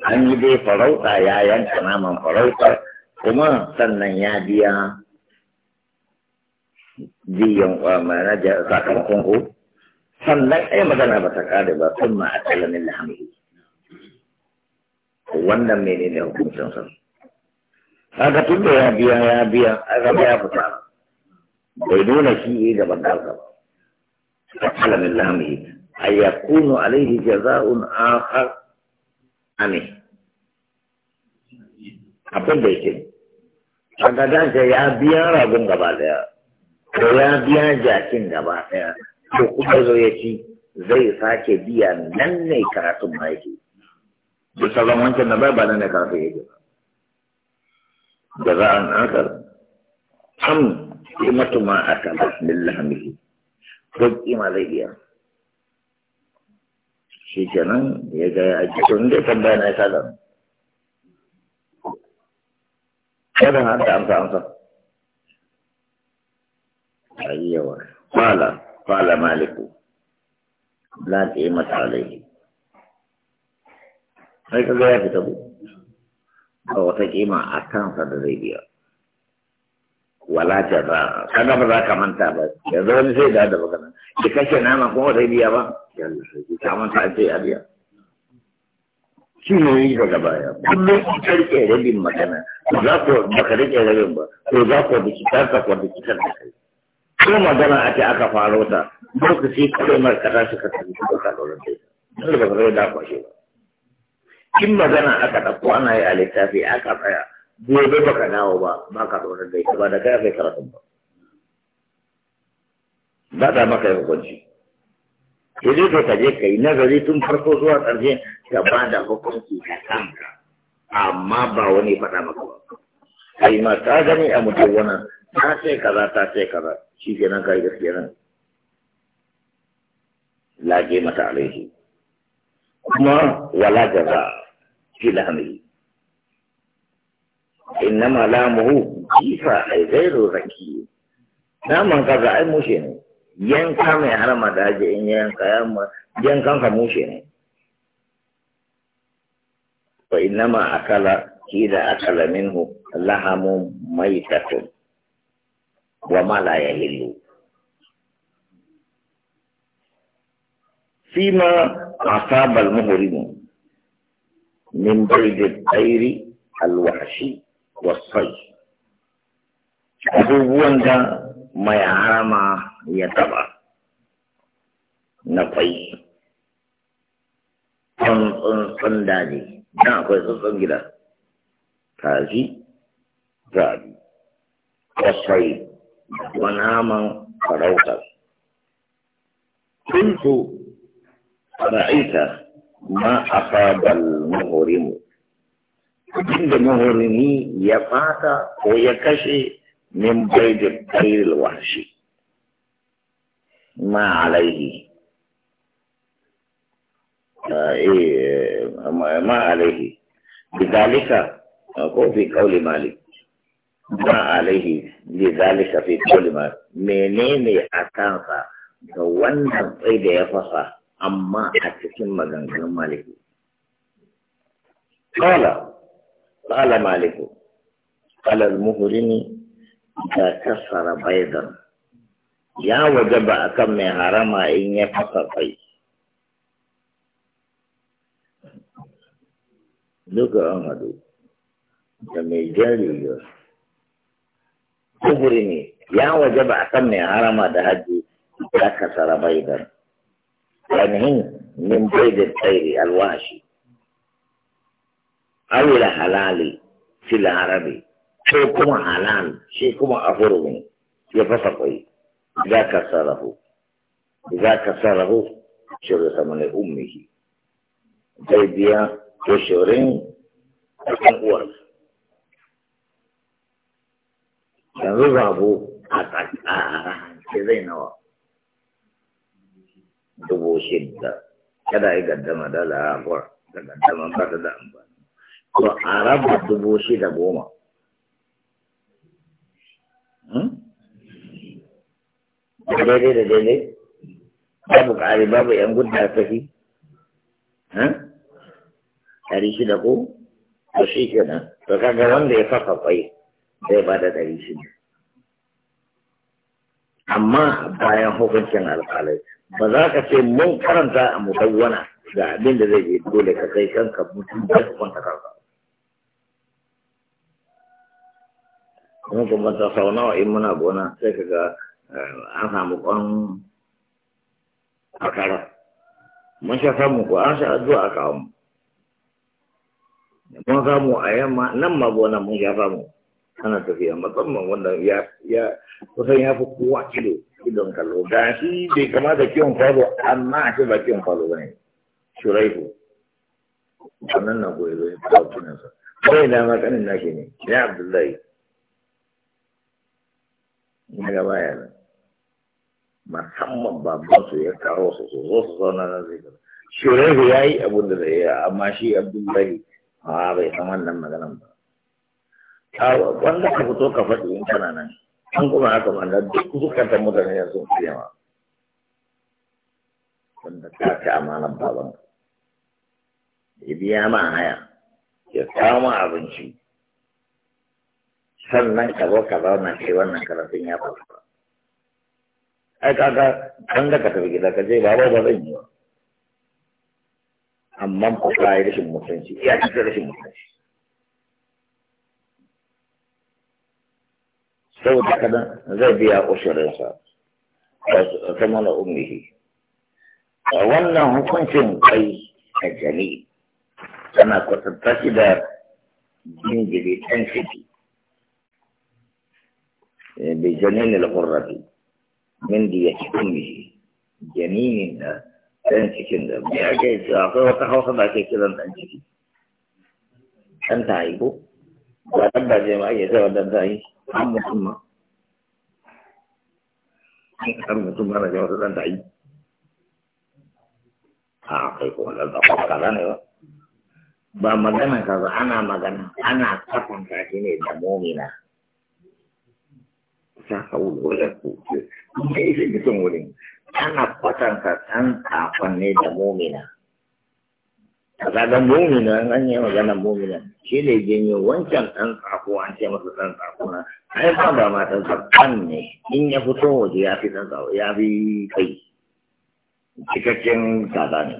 an yi dai farauta ya yanka naman farautar kuma sannan ya biya biyan kwamana eh, mana sakamakon ko sannan ai magana ba ta kare ba sun ma a tsalamin lahamdi wannan mene ne hukuncin sa kaga tun da ya biya ya biya a aka ya fita bai nuna shi yi gaban da ba a tsalamin lahamdi a yakunu alaihi jaza'un akhar ame abin da yake kaga ya biya ragon gaba daya ko ya biya jakin gaba daya ko kuma zo ya ci zai sake biya nan ne karatun ma ke? Da sauran wancan na bai ba nan ne karatun yake ba da za an akar am kimatu ma akala lillahi ko kima zai biya shi kenan ya ga ya ake tun da tambaya na ya sadar. kada na ta amsa amsa ayyawa fala, fala maliku la mata alaihi. sai kaga ya fita ku A wata kima a kansa da zai biya wala jarra kada ba za ka manta ba yanzu wani sai da da baka nan ki kashe nama kuma zai biya ba yalla sai zaman ta ce a biya shi ne yi daga baya kullum in karke rabin magana ko za ku baka rike rabin ba ko za ku da kitar ka ko da kitar da kai ko magana a ce aka faro ta lokaci kawai mar ka tashi ka tafi ka ka dora dai dole ba zai da kwashe ba in magana aka dauko ana yi a littafi aka tsaya gobe baka dawo ba ba ka dora dai ba da kai kai karatun ba ba da maka yi hukunci sai dai to kaje kai nazari tun farko zuwa ƙarshe ka ba da hukunci ka kanka amma ba wani faɗa maka ba kai ma ta gani a mutum wannan ta ce kaza ta ce kaza shi kenan kai gaskiya nan lage mata alaihi kuma wala jaza fi lahmihi innama lamuhu kifa ay ghairu zaki naman kaza ai mushe ne yanka mai harama da haji in yanka yamma yankan ka mushe ne fa innama akala kida akala minhu lahamu maitatun wa ma la yahillu فيما أصاب المهرم من بيد الطير الوحشي والصيد abubuwan da mai harama ya taba na kwai tsuntsun daji don akwai tsuntsun gida kaji zaɓi. kwasai da kuma naman farautar kuntu ra'aita ma a asabal muhurimu abinda mahurimi ya fata ko ya kashe min baidin ɗairil washi ma alaihi ah, eh, ma alaihi bidalika ah, ko fi kauli malik ma alaihi bidalika fi kauli malik menene a kansa ga wannan tsai da ya fasa amma a cikin maganganun maliki قال قال مالك قال المهرمي da kasara baidan ya waje ba a kan mai harama in ya fasa kai duka an hadu da mai jari yau kuburi ne ya a kan mai harama da hajji da kasara baidan ainihin min baidin tsairi alwashi awila halali fil harabi ko kuma halal shi kuma afurun ya fasa kwai za ka sarrafu za ka sarrafu shirin samani ummihi zai biya ko shirin ɗan uwar yanzu zabo a tsakara ce zai nawa dubu shidda kada yi gaddama da larabuwar da gaddama ba da amfani ko a raba dubu shida goma Da daidai da daidai babu ƙari babu yan gudda tafi ɗari shida ko to shi kenan to kaga wanda ya fafa kwai zai ba da ɗari shida amma bayan hukuncin alƙalai ba za ka ce mun karanta a mutawwana ga abin da zai je dole ka kai kanka mutum da hukunta kanka mun kuma ta sau nawa in muna gona sai ka ga samu kwan a kara mun samu ko an sha a kawo mu mun samu a yamma nan ma gona mun sha samu tafiya musamman wanda ya ya kusan ya fi ido idon kallo ga shi bai kamata kiwon falo amma a ba kiwon falo ba ne shuraihu wannan na goyi zai kawo tunansa kawai dama kanin nashi ne ya abdullahi daga baya nan musamman babban su ya karo su su zo su zauna nan zai gaba ya yi abin da zai yi amma shi abdullahi a bai san wannan maganan ba wanda ka fito ka faɗi in kana nan an kuma haka ma nan duk zukatan mutane ya sun fiye ma wanda ka ci amanar baban ya biya ma haya ya kama ma abinci sannan ka zo ka zauna kai wannan karatun ya faru ba ai kaga kan da ka tafi gida ka je baba ba zan yi ba amma ku kai rashin mutunci ya ci rashin mutunci saboda kadan zai biya ushirinsa ta mana umrihi wannan hukuncin kai a jami'i tana kwatanta shi da jinjiri ɗan ciki بجنين الغرة من دي أمه جنين ده تنسكن ده بيعجي أخي وتخوص بعد كده كنده أنت عيبو وأبا زي ما أي زي وده ده عم ثم عم ثم أنا جوز أنت عيب أعطيك ولا بقى كلامي ba magana أنا ana أنا ana kwatanta shi ta haula wala kuce da isa gidan wurin ana kwatanta ɗan kafan ne da mumina a kaga mumina an yi magana mumina shi ne janyo wancan ɗan tsako an ce masa ɗan tsako na ai ba ba ma ɗan tsakon ne in ya fito waje ya fi ɗan tsako ya fi kai cikakken tsada ne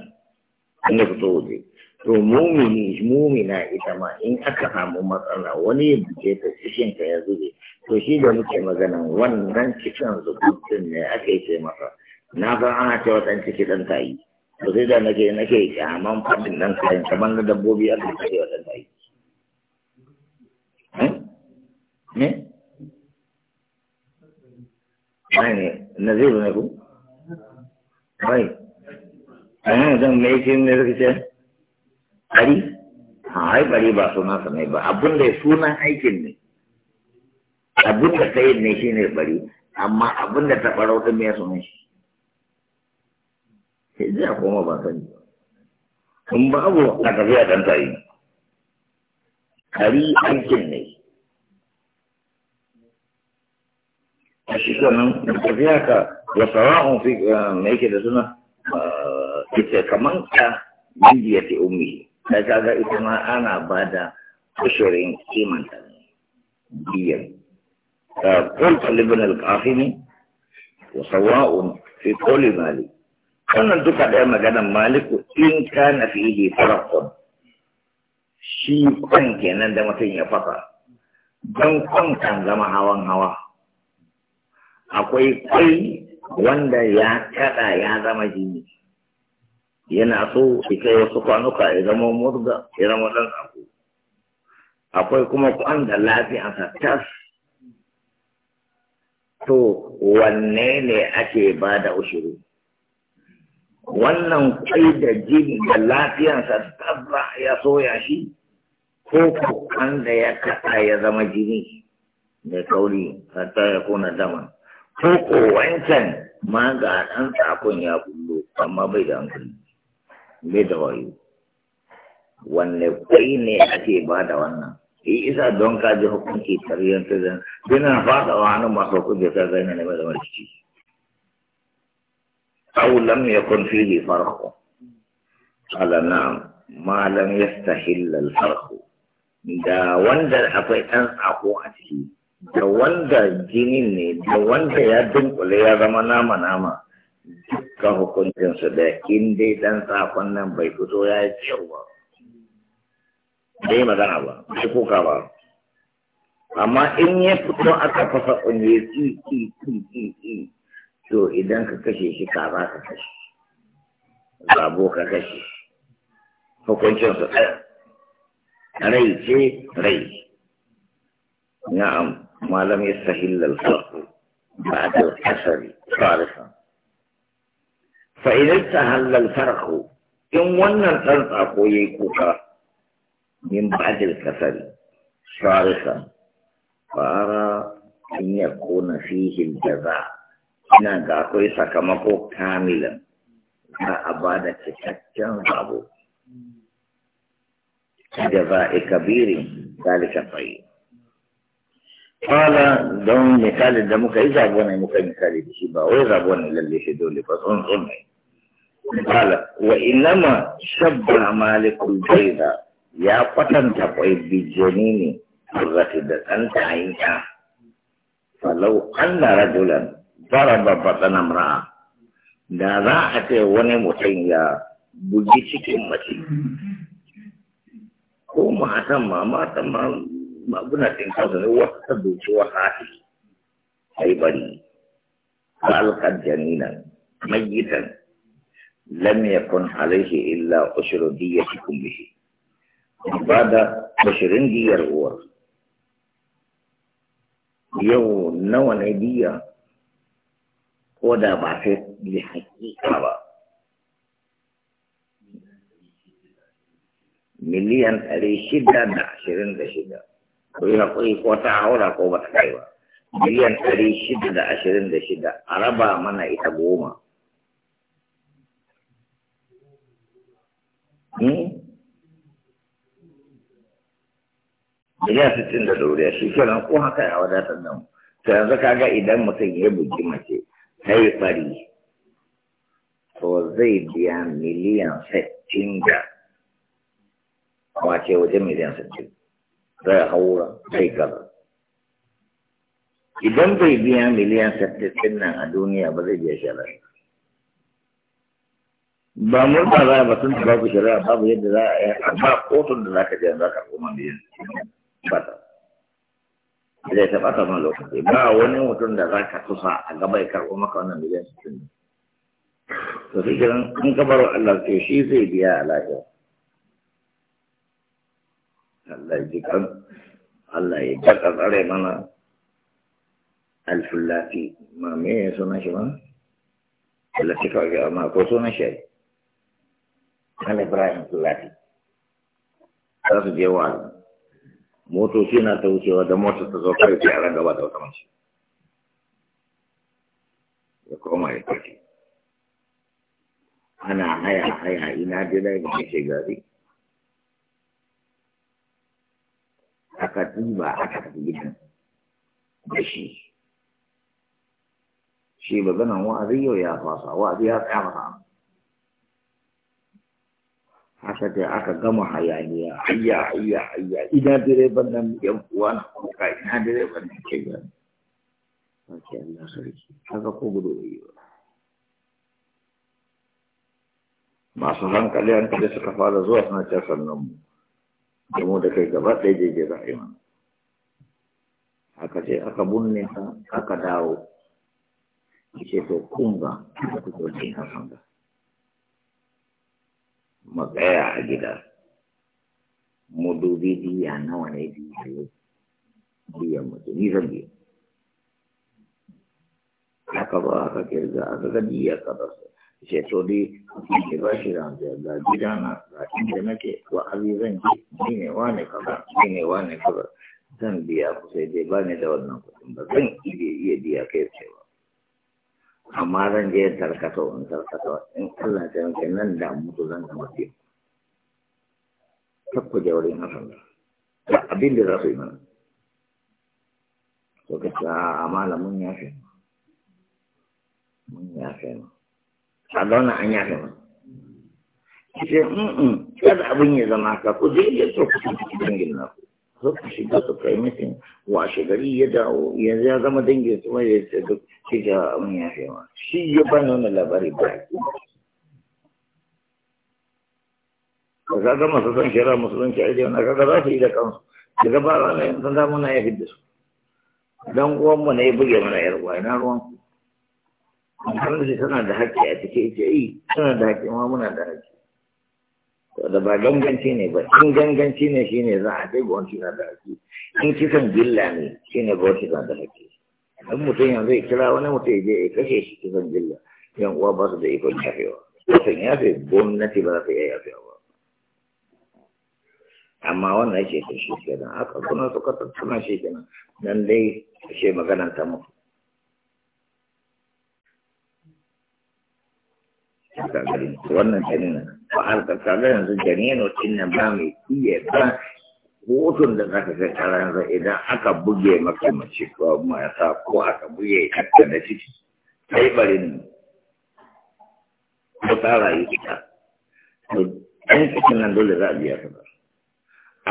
in ya fito waje to mumini mumina ita ma in aka samu matsala wani ya buge ta cikin ka ya zube to shi da muke magana wannan cikin zubutun ne aka yi ce masa na san ana cewa dan kiɗan ta yi to sai da nake nake kyaman fadin dan kayan kamar na dabbobi aka ce wa ta yi. ne ne na zai ne ku bai a yanzu mai kin ne zai ce ɗari ai bari ba suna sa ne ba abin da sunan aikin ne abin da ta ne shi ne bari amma abin da ta ɓarau ta mai sunan shi sai zai koma ba sani in babu a tafiya ɗan tari kari aikin ne a shi kanan tafiya ka ya sara'un fi eh, mai yake da suna eh, ita kamar ka indiya ta ummi sai kaga ita ma ana ba da kushirin kimanta biyar قلت لابن القاسم sawa'un fi koli mali wannan duka ɗaya maganan maliku in ka fi fihi farakon shi kwan kenan da mutum ya fasa don kwan kan zama hawan hawa akwai kwai wanda ya kada ya zama jini yana so ita wasu kwanuka ya zama murga ya zama ɗan abu akwai kuma kwan da ta tas to wanne ne ake ba da ushuru wannan kwai da jini da lafiyansa tabba ya soya shi ko kukan da ya kaɗa ya zama jini mai kauri hatta ya kona dama ko ko wancan ma ga ɗan ya bullo amma bai da hankali bidoyi wanne kai ne ake ba da wannan yi isa don ka ji hukunci tarihin ta zan bina fada wa hannun masu hukunci ta zai na nema da marci aw lam yakun fihi farq ala na ma lam yastahil al farq da wanda akwai ɗan tsako a ciki da wanda jinin ne da wanda ya dunkule ya zama nama nama dukkan hukuncinsu yang in dai ɗan sakon yang baik itu ya yi cewa bai magana ba bai kuka ba amma in ya fito aka fasa kunye ki ki ki ki ki to idan ka kashe shi ka ba ka kashe ka hukuncinsu ɗaya rai ce rai na'am malam ya sahillal sarfu ba da asari salisan fa'idarta halal ku! in wannan ɗan tsako ya yi kuka min ba'adil kasari sharisa fara in ya kona fihin da za ina ga akwai sakamako kamilan za a ba da cikakken rabo da za a kabirin zalika fayi Fala don misali da muka yi zabo ne muka yi misali da shi ba wai zabo ne lalle shi dole ba tsuntsun ne Bala, wa inama shabba malikul baida ya kwatanta kwai bijeni ne zurrati da ta hanya. Falau, an na rajulan da za a ce wani mutum ya bugi cikin mace. Ko matan mama, matan ma maguna tinka su ne wasu ta doki wa hati, sai bari, ka alkar لم يكن عليه إلا أشر ديتكم به بعد أشر دية الغور yau nawa na biya ko da ba sai bi hakika ba miliyan ɗari shida da ashirin da shida ko yi haƙuri ko ta haura ko ba ta kai ba miliyan ɗari shida da ashirin da shida a raba mana ita goma miliyan sittin da ɗoriya shi kenan ko haka ya wadatar da mu to yanzu kaga idan mutum ya bugi mace ta yi fari. to zai biya miliyan sittin da wace waje miliyan sittin zai haura zai gaba idan bai biya miliyan sittin nan a duniya ba zai biya shi ba murna za a batun da babu shari'a babu yadda za a yi a ba kotun da za ka je za ka koma miliyan sittin bata zai taɓa ta ma lokaci ba wani mutum da za ka tusa a gaba ya karɓo maka wannan miliyan sittin to shi kiran in ka bar Allah to shi zai biya a lafiya Allah ya ji kan Allah ya baka tsare mana alfullafi ma me ya suna shi ma Allah ta kawai ga ma ko suna shi kan Ibrahim Fullafi za su je wa motoci na ta wucewa da motar ta zo kai a ran gaba da wata mace ya koma ya tafi ana haya haya ina dina da kashe gari aka duba aka tafi gidan da shi shi ba maganan wa'azi yau ya fasa wa'azi ya tsaya masa haka dai aka gama hayaniya ayya ayya ayya, ina direban nan yan uwa na kuka ina direban nan ke gani wace Allah sarki haka ko gudu yi ba masu hankali hankali suka fara zuwa suna ce sannan mu da mu da kai gaba ɗaya jeje za ra'ayi aka ce aka bunne ta aka dawo ce to kunga ku kuka wajen hasan mu tsaya a gida mu dubi diya nawa ne diya yau biyan mutum ni zan biya haka ba haka aka ga diya ka ba su ce to dai ne ba shi da hanzu ga gida na ga inda nake wa abi zan ji ni ne wa ne kaza ne wa ne zan biya ku sai dai ne da wannan kuɗin ba zan iya biya kai amma zan je in tarkato in tarkato in Allah ta yanke nan da mutu zan ga mafi takku da wurin hasan da abin da za su yi mana to ka ce a malamin ya fi mun ya fi a zauna an ya fi ma ki ce kada abin ya zama ka ku je ya so ku san cikin dangin naku zo shiga su kai mutum washe gari ya dawo yanzu ya zama dangin su mai yadda duk shi ga abin ya fi ma shi ya ba nuna labari ba ka kaga masu son shara musulunci aiki wanda kaga za su yi da kansu daga ba ranar yin sanda muna ya fi da su dan mu na ya buge mana yar uwa ina ruwan ku kan da tana da haƙƙi a cikin ita yi tana da haƙƙi ma muna da haƙƙi da ba ganganci ne ba in ganganci ne shi ne za a dai gwamnati na da haƙi in kisan gilla ne ne gwamnati na da haƙi in mutum yanzu ya kira wani mutum ya je ya kashe shi kisan gilla yan uwa ba su da ikon yafewa ya yafe gwamnati ba za ta iya yafewa ba amma wannan shi ke shi kenan haka kuma suka tattuna shi kenan nan dai shi magana ta mutu haka gari wannan janina ba yanzu janino din nan ba mai iya ba hotun da zaka kai kara yanzu idan aka buge maka mace ko mata ko aka buge ka da ciki sai barin ko ta rayu ita to ɗan cikin nan dole za a biya ta ba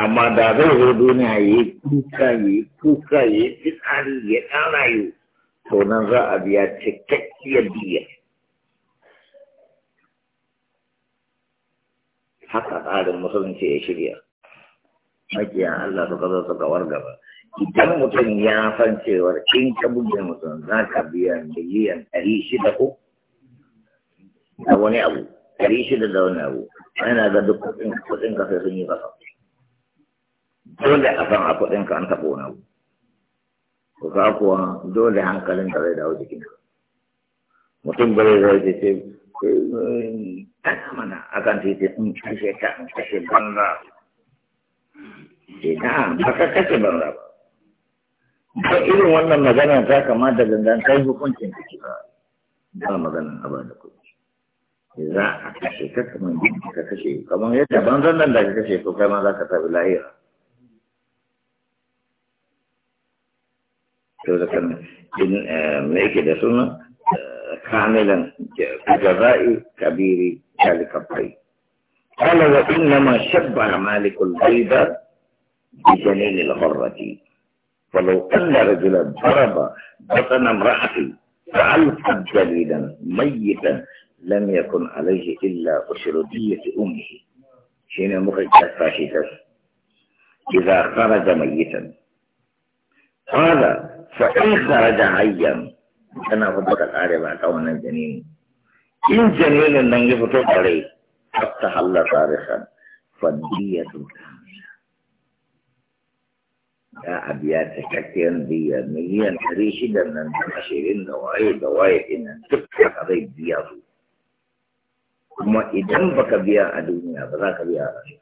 amma da zai zo duniya ya yi kuka ya yi kuka ya yi fitsari ya ɗan rayu to nan za a biya cikakkiyar biyar haka tsarin musulunci ya shirya makiya Allah su kaza su kawar gaba idan mutum ya san cewar in ka buge mutum za ka biya miliyan ɗari shida ko da wani abu ɗari shida da wani abu ana ga duk kuɗin ka sai sun yi kasa dole a san a kuɗin ka an taɓa wani abu ko ka kuwa dole hankalin da zai dawo jikinka mutum bai zai ce eh, tana mana a kan titi in kashe ka in kashe banza ce na ba ka kashe banza ba ba irin wannan magana ta kama da gangan kai hukuncin da ba ba maganan a ba da kuɗi za a kashe ka kamar yadda ka kashe kamar yadda banzan nan da ka kashe ko kai ma za ka tafi lahira to da da suna كاملا بجزاء كبير ذلك الطيب قال وإنما شبه مالك البيض بجنين الغرة فلو أن رجلا ضرب بطن امرأتي فألقى جليلا ميتا لم يكن عليه إلا أشردية أمه حين مخرج فاشتا إذا خرج ميتا قال فإن خرج حيا kana fito ka kare ba ta wannan janini in janinin nan ya fito da rai hatta hallar tarihan fadiyatu kamila za a biya cikakken biya miliyan ɗari shida nan da ashirin da waye da waye ɗin duk haka zai biya su kuma idan baka biya a duniya ba za ka biya a rashin.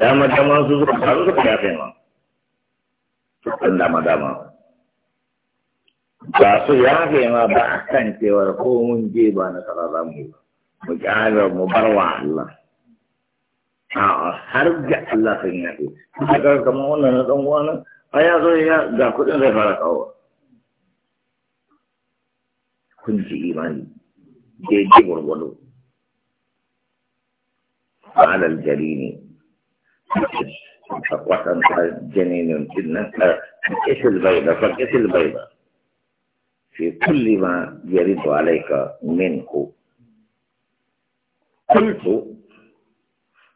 dama dama su suka faru suka yafe ma dama dama ba su yafe ma ba a kan cewar ko mun je ba na kaza mu yi ba mu kyara mu bar wa Allah a'a har ga Allah sun yafe kaga kamar wannan na dan uwa nan a ya zo ya ga kuɗin zai fara kawo kun ji imani daidai gwargwado على الجليل فقط انت bai da فكس البيضة bai البيضة في كل ما يرد عليك منه قلت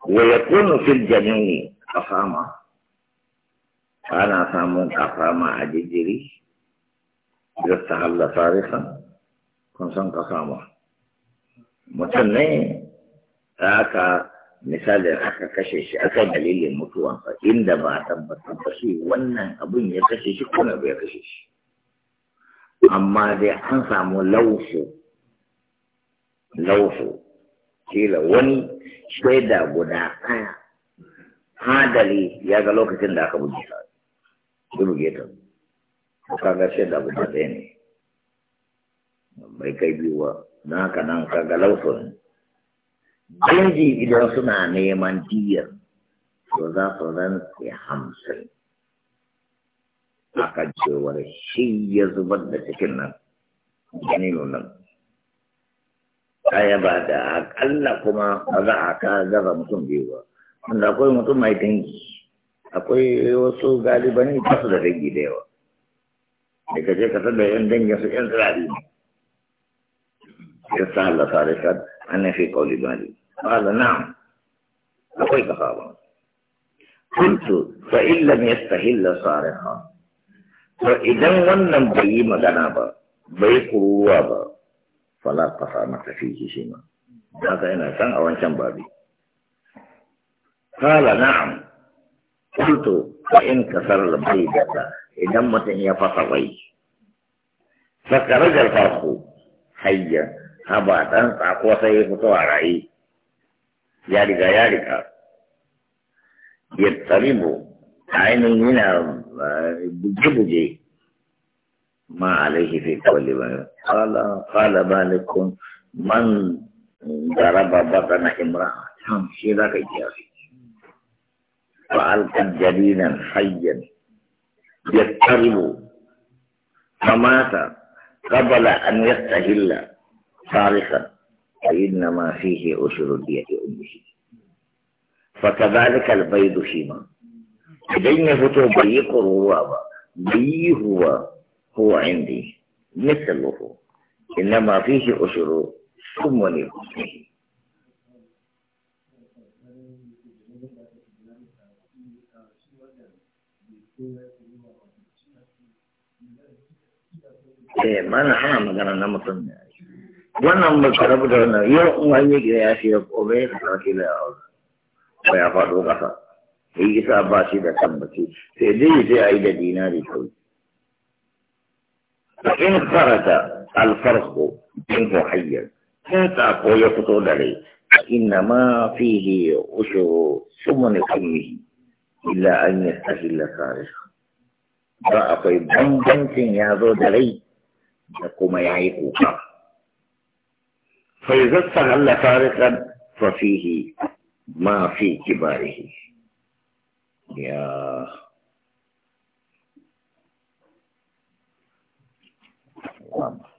ويكون في الجميع أفاما أنا سامون أفاما أجدري إذا استحل صارخا كنسان كساما متنين ذاك misalin aka kashe shi aka dalilin mutuwansa inda ba a tabbatar da shi wannan abin ya kashe shi kuna bai kashe shi amma dai an samu laufu laufu kila wani shaida guda ɗaya hadali ya ga lokacin da aka buge ta ya buge ta kaga shaida guda ɗaya ne bai kai biyu ba don haka nan kaga laufu ne dangi idan suna neman diyar to za su rantse hamsin akan cewar shi ya zubar da cikin nan jinin nan ɗaya ba da akalla kuma ba za a ka gaza mutum biyu ba wanda akwai mutum mai dangi akwai wasu galibani ba su da dangi da yawa da ka je ka san da yan dangin su yan tsirari ne ya sa Allah sarishar an nafi kauli Ba ƙwala na akwai kafa ba kuntu fa illam yastahilla sarihar to idan wannan bai yi magana ba bai kuruwa ba fala kasa mata fihi shi ma haka yana san a wancan babi kala na'am kulto, fa in kasar bai da, idan mutum ya fasa wai sakarajar farko hayya haba dan tsako sai ya fito a rayi ya riga ya riga ya mu, ainihin yana بجيبه جي ما عليه في كل من قال قال مالك من ضرب بطن امرأة شيرا كي فألقى جليلا حيا يضطرب فمات قبل أن يستهل صارخا فإنما فيه أسر الدية أمه فكذلك البيض فيما idan ya fito bai yi kuruwa ba bai yi huwa huwa indi misaluhu inna ma fihi usuru summuni husnihi Eh, mana ana magana na mutum ne. Wannan ba ka rabu da wannan, yau in wani gida ya fiye gobe da sauki da yawa. ko ya faɗo ƙasa. shi isa ba shi da tabbaci sai dai sai فإن خرج الفرق منه حيا كاتا كو يفتو داري فإنما فيه أشر سمن قومه إلا أن يستهل خارج فأقوي بمبنت يازو داري يقوم يعيقو فإذا استغل خارجا ففيه ما في كباره Yeah. Wow.